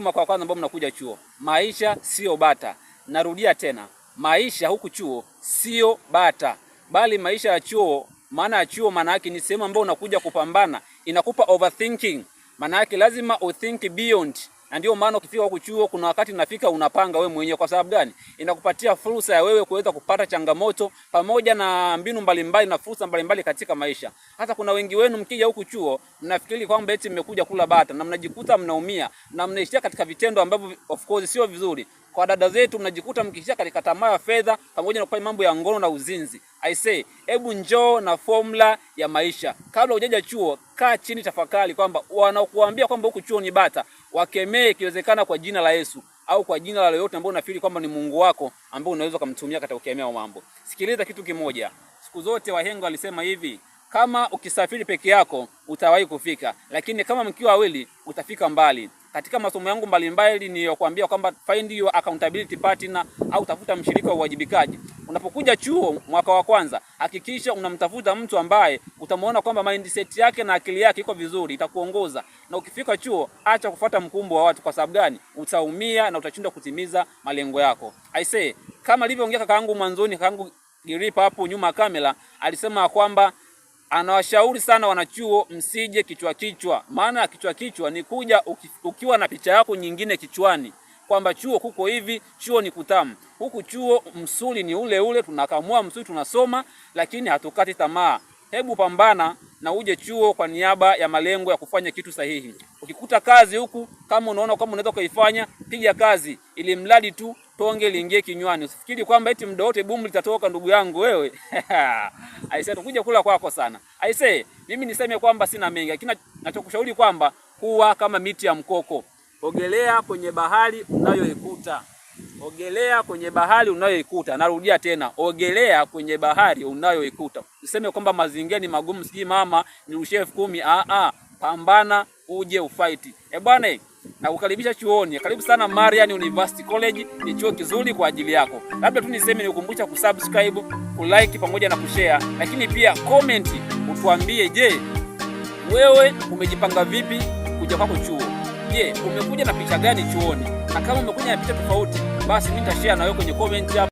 Mwaka wa kwanza ambao mnakuja chuo, maisha sio bata. Narudia tena, maisha huku chuo sio bata, bali maisha ya chuo. Maana ya chuo, maana yake ni sehemu ambayo unakuja kupambana, inakupa overthinking. Maana yake lazima uthink beyond na ndio maana ukifika huku chuo, kuna wakati nafika unapanga we mwenyewe. Kwa sababu gani? Inakupatia fursa ya wewe kuweza kupata changamoto pamoja na mbinu mbalimbali na fursa mbalimbali katika maisha. Hata kuna wengi wenu mkija huku chuo mnafikiri kwamba eti mmekuja kula bata na mnajikuta mnaumia na mnaishia katika vitendo ambavyo of course sio vizuri kwa dada zetu mnajikuta mkishia katika tamaa ya fedha pamoja na kufanya mambo ya ngono na uzinzi. I say, hebu njoo na formula ya maisha. Kabla hujaja chuo, kaa chini, tafakari kwamba wanaokuambia kwamba huku chuo ni bata, wakemee ikiwezekana kwa jina la Yesu au kwa jina la lolote ambao unafikiri kwamba ni Mungu wako ambao unaweza kumtumia katika kukemea mambo. Sikiliza kitu kimoja. Siku zote wahenga walisema hivi, kama ukisafiri peke yako utawahi kufika, lakini kama mkiwa wawili utafika mbali katika masomo yangu mbalimbali niliyokuambia kwamba find your accountability partner au tafuta mshirika wa uwajibikaji. Unapokuja chuo mwaka wa kwanza, hakikisha unamtafuta mtu ambaye utamwona kwamba mindset yake na akili yake iko vizuri, itakuongoza. Na ukifika chuo, acha kufuata mkumbo wa watu. Kwa sababu gani? Utaumia na utashindwa kutimiza malengo yako. I say, kama alivyoongea yangu mwanzoni, kakaangu Giripa hapo nyuma kamera alisema kwamba anawashauri sana wanachuo msije kichwa kichwa. Maana ya kichwa kichwa ni kuja uki, ukiwa na picha yako nyingine kichwani kwamba chuo kuko hivi, chuo ni kutamu huku, chuo msuli ni ule ule, tunakamua msuli, tunasoma, lakini hatukati tamaa hebu pambana na uje chuo kwa niaba ya malengo ya kufanya kitu sahihi. Ukikuta kazi huku, kama unaona kama unaweza kuifanya, piga kazi, ili mradi tu tonge liingie kinywani. Usifikiri kwamba eti muda wote bumu litatoka, ndugu yangu wewe. Aisee, tukuja kula kwako sana. Aisee, mimi niseme kwamba sina mengi, lakini nachokushauri kwamba kuwa kama miti ya mkoko, ogelea kwenye bahari unayoikuta ogelea kwenye bahari unayoikuta. Narudia tena, ogelea kwenye bahari unayoikuta. Useme kwamba mazingira ni magumu, sijui mama nirushie elfu kumi. A a, pambana uje ufaiti. E bwana, nakukaribisha chuoni. Karibu sana Marian University College, ni chuo kizuri kwa ajili yako. Labda tu niseme nikukumbusha kusubscribe, kulike pamoja na kushare, lakini pia comment utuambie, je, wewe umejipanga vipi kuja kwako chuo? Je, umekuja na picha gani chuoni? na kama umekuja na picha tofauti, basi mimi nitashare na wewe kwenye comment hapo.